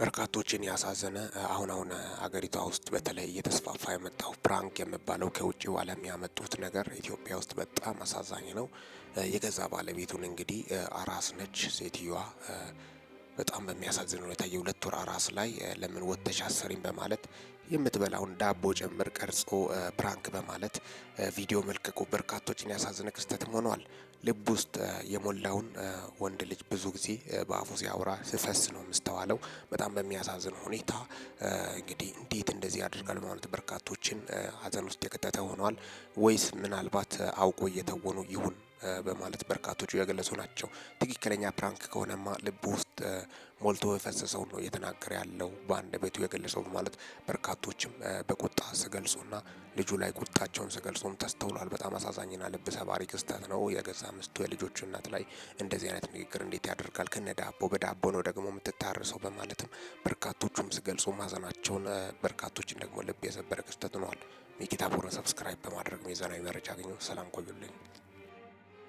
በርካቶችን ያሳዘነ አሁን አሁን አገሪቷ ውስጥ በተለይ እየተስፋፋ የመጣው ፕራንክ የሚባለው ከውጭው ዓለም ያመጡት ነገር ኢትዮጵያ ውስጥ በጣም አሳዛኝ ነው። የገዛ ባለቤቱን እንግዲህ አራስ ነች ሴትዮዋ በጣም በሚያሳዝን ሁኔታ የሁለት ወር አራስ ላይ ለምን ወጥተሽ አሰሪም በማለት የምትበላውን ዳቦ ጭምር ቀርጾ ፕራንክ በማለት ቪዲዮ መልቀቁ በርካቶችን ያሳዝነ ክስተትም ሆኗል። ልብ ውስጥ የሞላውን ወንድ ልጅ ብዙ ጊዜ በአፉ ሲያወራ ሲፈስ ነው የምስተዋለው። በጣም በሚያሳዝን ሁኔታ እንግዲህ እንዴት እንደዚህ ያደርጋል በማለት በርካቶችን ሀዘን ውስጥ የከተተ ሆኗል። ወይስ ምናልባት አውቆ እየተወኑ ይሁን በማለት በርካቶቹ የገለጹ ናቸው። ትክክለኛ ፕራንክ ከሆነማ ልብ ውስጥ ሞልቶ የፈሰሰው ነው እየተናገረ ያለው በአንድ ቤቱ የገለጸው በማለት በርካቶችም በቁጣ ስገልጹና ልጁ ላይ ቁጣቸውን ስገልጹም ተስተውሏል። በጣም አሳዛኝና ልብ ሰባሪ ክስተት ነው። የገዛ ምስቱ የልጆቹ እናት ላይ እንደዚህ አይነት ንግግር እንዴት ያደርጋል? ከነ ዳቦ በዳቦ ነው ደግሞ የምትታርሰው በማለትም በርካቶቹም ስገልጹ ማዘናቸውን፣ በርካቶችን ደግሞ ልብ የሰበረ ክስተት ነዋል። ሚኪታቦርን ሰብስክራይብ በማድረግ ሚዛናዊ መረጃ አገኘ። ሰላም ቆዩልኝ።